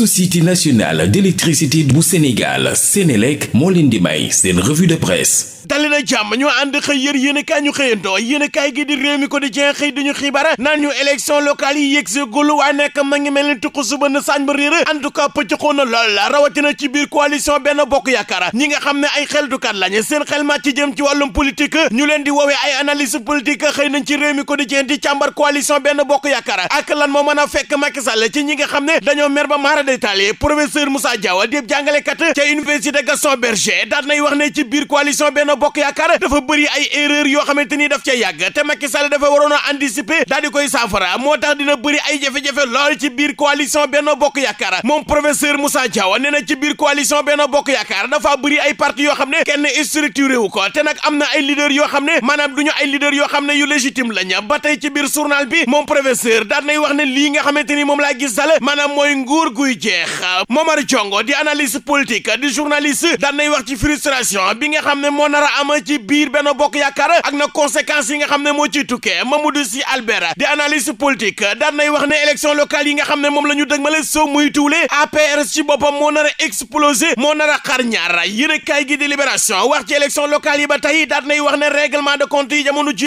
société nationale d'électricité bu Sénégal Sénélec moo leen di may seen revue de presse dali jàmm ñu ànd xëy yër yéen ñu xëyandoo yéen gi di réew mi ko di jeex xëy duñu xibaar ñu élection locale yi yëg si gul waaye nekk ma mel ni tuq suba saañ ba réer en tout cas la rawatina ci biir coalition benn bokk yaakaar ñi nga xam ne ay xeltukat lañu seen xel màcc ci jëm ci wàllum politique ñu leen di woowee ay analyse politique xëy nañ ci a fekk Macky Sall détaillé professeur Moussa di jàngalekat ca université Gaston Berger daat wax ne ci biir coalition Benno Bokk Yaakaar dafa bëri ay erreur yoo xamante ni ci biir coalition Benno Bokk Yaakaar moom professeur Moussa Diaw nee ci biir coalition Benno Bokk Yaakaar dafa bëri ay parti yoo xam ne kenn structuré ko te nag am na ay leaders yoo xam ne maanaam du ay leaders yoo xam ne yu légitime lañ ba tey ci biir journal bi moom professeur daat wax ne lii nga buy jeex Momar Diongo di analyste politique di journaliste daan nay wax ci frustration bi nga xam ne moo nar a am ci biir Benno Bokk Yaakaar ak na conséquences yi nga xam ne moo ciy tukkee Mamadou Sy Albert di analyste politique daan wax ne élection locale yi nga xam ne moom la ñu dëgmale soo muy tuule APR ci boppam moo nar a explosé moo nar a xar ñaar yéen a gi di wax ci élection locale yi ba tey daan wax ne règlement de compte yi jamono ji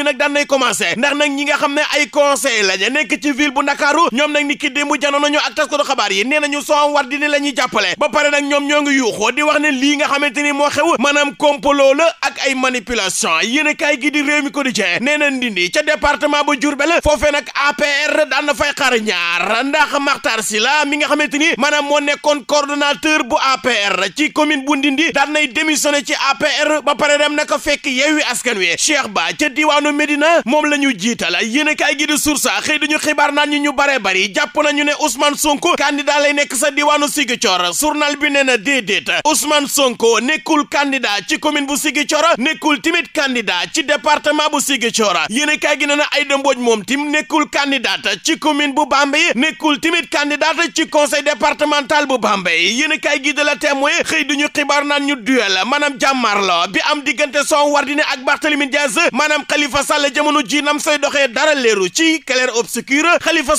ñu soham Wardini la ñuy jàppale ba pare nag ñoom ñoo ngi yuuxoo di wax ne lii nga xamante ni moo xew maanaam complot la ak ay manipulation yéen kaay gi di réew mi quotidien nee na ndindi ca département ba jur Diourbel foofe nag APR daan na fay xar ñaar ndax Makhtar Sylla mi nga xamante ni maanaam moo nekkoon coordonnateur bu a APR ci commune bu ndindi daan nay démissionné ci APR ba pare dem na ko fekk Yewwi Askan Wi Cheikh Ba ca diwaanu Médina moom la ñu jiital yéen kaay gi di xëy dañu xibaar naan ñu ñu bare bari jàpp nañu ne Ousmane Sonko candidat lay nekk sa diwaanu Ziguinchor journal bi nee na déedéet Ousmane Sonko nekkul candidat ci commune bu Ziguinchor nekkul timit candidat ci département bu Ziguinchor yéen kaay gi nee na Aïda Mbodj moom tim nekkul candidat ci commune bu Bambey nekkul timit candidat ci conseil départemental bu Bambey yéen kaay gi de la témoin xëy duñu xibaar naan ñu duel maanaam jàmmarloo bi am diggante Soham Wardini ak Barthélémy Dias maanaam Khalifa Sall jamono ji nam say doxee dara leeru ci clair obscur Khalifa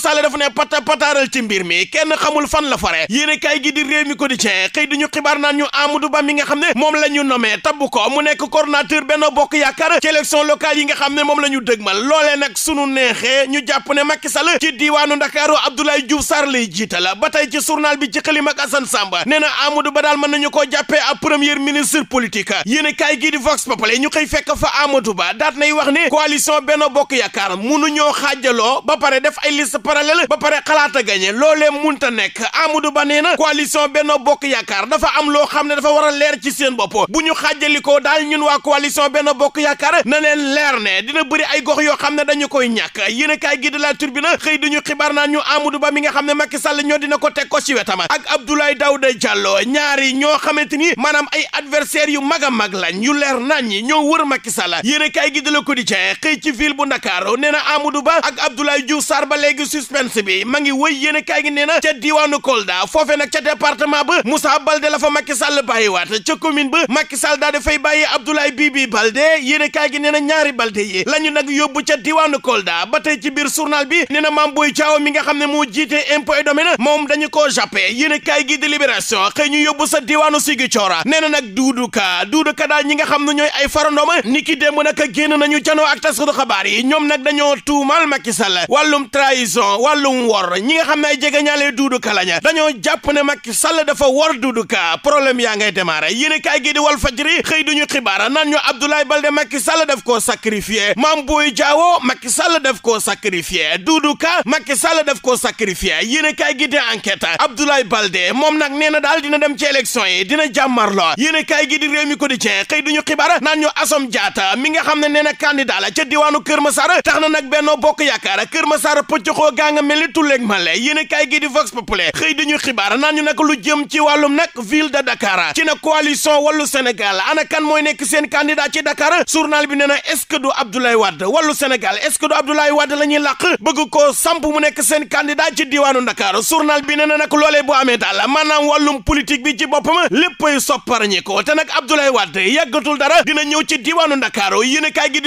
la fare yéene kaay gi di réew mi quotidien xëy ñu xibaar naan ñu Amadou Ba mi nga xam ne moom la ñu nommé tabb ko mu nekk coordonnateur Benno Bokk Yaakaar ci élection locale yi nga xam ne moom la ñu dëgmal loolee nag sunu neexee ñu jàpp ne Macky Sall ci diiwaanu Ndakaaru Abdoulaye Diouf Sarr lay jiitala ba tey ci journal bi ci xëlim ak Assane Samba nee na Amadou Ba daal mën nañu koo jàppee a premier ministre politique yéene kaay gi di Vox Populi ñu xëy fekk fa Amadou Ba daat nay wax ne coalition Benno Bokk Yaakaar munu ñoo xaajaloo ba pare def ay liste parallèle ba pare xalaat a gagné loolee munta nekk Amadou Ba a na coalition Benno Bokk Yaakaar dafa am loo xam ne dafa war a leer ci seen boppo bu ñu xàjjalikoo daal ñun waa coalition Benno Bokk Yaakaar na leer ne dina bëri ay gox yoo xam ne dañu koy ñàkk yéen a kaay gi de la Tribune xëy dañu xibaar naa ñu Amadou Ba mi nga xam ne Macky Sall ñoo dina ko teg ko ci wetam ak Abdoulaye Daouda Diallo ñaari ñoo xamante ni maanaam ay adversaires yu mag a mag lañ ñu leer nañ ñoo wër Macky Sall yéen a kaay gi de la Quotidien xëy ci ville bu Ndakaaru nee na Amadou Ba ak Abdoulaye Diouf Sarr ba léegi suspense bi ma ngi wëy yéen a kaay gi nee na ca diwaanu ko Kolda foofe nag ca département ba Moussa Balde la fa Macky Sall bàyyiwaat ca commune ba Macky Sall daa dafay bàyyi Abdoulaye Bibi Balde yéene kaay gi nee na ñaari Balde yi la ñu nag yóbbu ca diwaanu Kolda ba tey ci biir journal bi nee na Mame Boye Diao mi nga xam ne moo jiite impôt domaine moom dañu koo jàppe yéene kaay gi délibération xëy ñu yóbbu sa diwaanu Ziguinchor nee na nag Doudou Ka Doudou Ka ñi nga xam ne ñooy ay farandooma ni ki démb nag génn nañu janoo ak taskatu xabaar yi ñoom nag dañoo tuumal Macky Sall wàllum trahison wàllum wor ñi nga xam ne ay jegeñaale Doudou dañoo jàpp ne Macky Sall dafa war Doudou Ka problème yaa ngay démarré yéen kaay gi di Walf Fadjri xëy duñu xibaara naan ñu Abdoulaye Balde Macky Sall daf koo sacrifié Mame Boye Diao Macky Sall daf koo sacrifié Doudou Ka Macky Sall daf ko sacrifié yéen kaay gi di enquête Abdoulaye Balde moom nag nee na daal dina dem ci yi dina jàmmarloo yéen kaay gi di Rewmi Quotidien xëy duñu xibaara naan ñu Assome Diatta mi nga xam ne nee na candidat la ca diwaanu Kër Massar tax na nag Benno Bokk Yaakaar Kër Massar pëcc xoo gaa nga mel ni tulleeg male yéen kaay gi di Vox Populi xëy xëy dañuy xibaar naan ñu nag lu jëm ci wàllum nag ville de Dakar ci na coalition wàllu Sénégal ana kan mooy nekk seen candidat ci Dakar journal bi nee na est-ce que du Abdoulaye Wade wàllu Sénégal est du Abdoulaye Wade la ñuy làq bëgg ko samp mu nekk seen candidat ci diiwaanu Dakar journal bi ne na nag loolee bu amee daal maanaam wàllum politique bi ci boppam léppay sopparñi ko te nag Abdoulaye Wade yàggatul dara dina ñëw ci diiwaanu Dakar yéen a kaay gi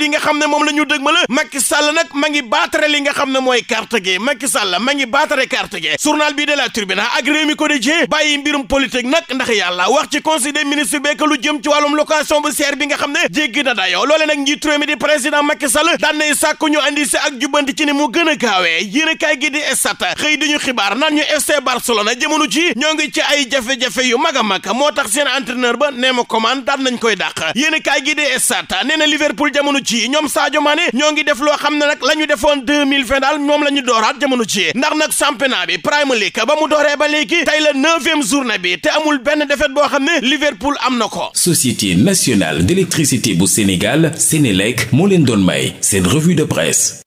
yi nga xam ne moom la ñu dëgmal Macky Sall nag ma ngi baatare li nga xam ne mooy carte gi Macky Sall ma ngi baatare carte gi journal bi de la Tribune ak Rewmi Quotidien bàyyi mbirum politique nag ndax yàlla wax ci conseil des ministres bekk jëm ci wàllum location bu seer bi nga xam ne jéggi na dayoo loole nag njiit réew mi di président Macky Sall daan nay sàkk ñu andi si ak jubbanti ci ni mu gën a gaawee yéen gi di Stades xëy diñu xibaar naan ñu FC Barcelone jamono ci ñoo ngi ci ay jafe-jafe yu mag a mag moo tax seen entraîneur ba Néma Coman daan nañ koy dàq yéen a kaay gi di Stades nee na Liverpool jamono ji ñoom Sadio Mané ñoo ngi def loo xam ne nag la ñu defoon 2020 daal moom la ñu dooraat jamono ji ndax championnat bi Premier League ba mu dooree ba léegi tey la neuvième journée bi te amul benn défaite boo xam ne Liverpool am na ko. Société nationale d'électricité bu Sénégal Sénélec moo leen doon may seen revue de presse.